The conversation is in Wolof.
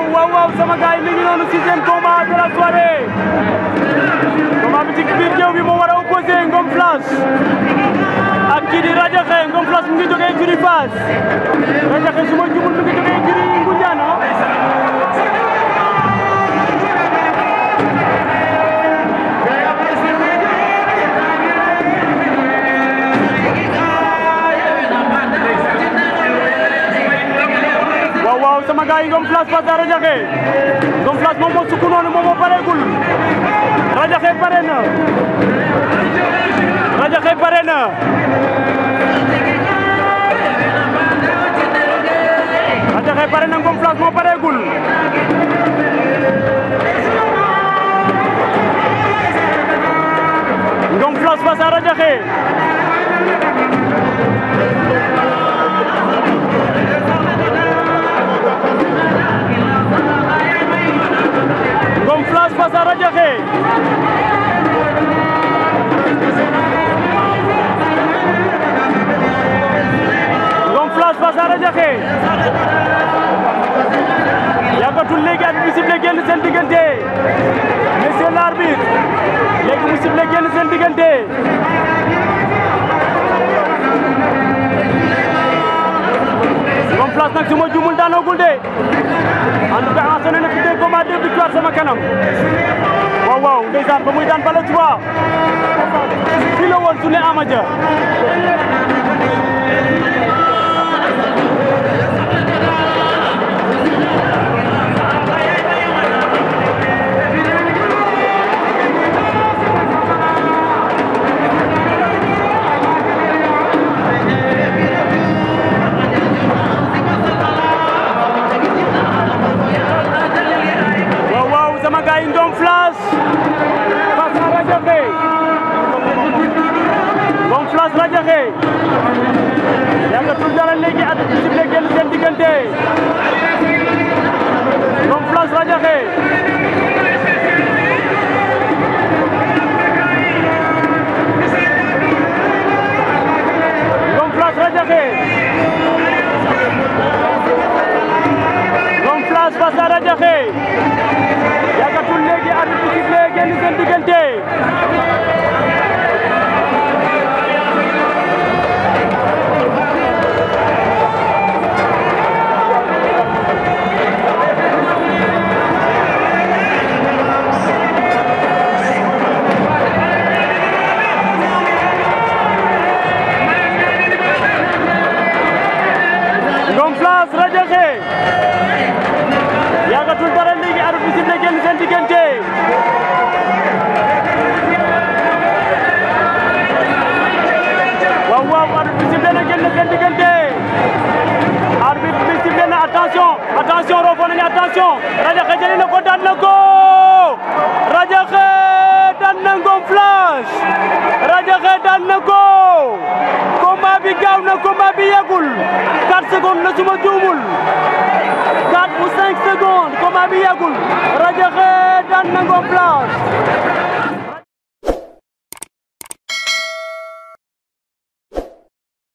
waaw waaw waaw sama gars yi noonu sixième combat de la soirée combat bi ci biir bi moo war a opposé Ngom Flash ak kii di Radiakhé Ngom Flash mu ngi jógee Giri Fass Radiakhé su jubul mi ngi jógee Giri sama gars yi ñoom Flash Fast Rajaxe ñoom Flash moom moo sukk noonu moom moo pareegul Rajaxe pare na Rajaxe pare na Rajaxe pare na ñoom Flash moo pareegul ñoom Flash Fast Rajaxe yàggatul léegi ak mu sifflé génn seen diggante monsieur l'arbitre léegi mu sifflé génn seen diggante place nag su ma jumul daanoogul de en tout cas enchaîné na fi deux combats deux victoires sama kanam waaw waaw ndeysaan muy daan bala ci waa su ne Ama Abdoulaye Ndom Flash face à Raja Faye Ndom dara léegi at bi sible génn seen diggante Ndom Orange Radiakhé yàggatul dara léegi arbitre bi sifflé génn seen diggante waaw waaw arbitre bi sifflé na génn seen diggante arbitre bi sifflé na attention attention Roffo nañu attention Radiakhé jëli na ko daan na ko Radiakhé secondes la suma juumul 4 ou 5 secondes combat bi yàggul Radiakhé daan na Ngor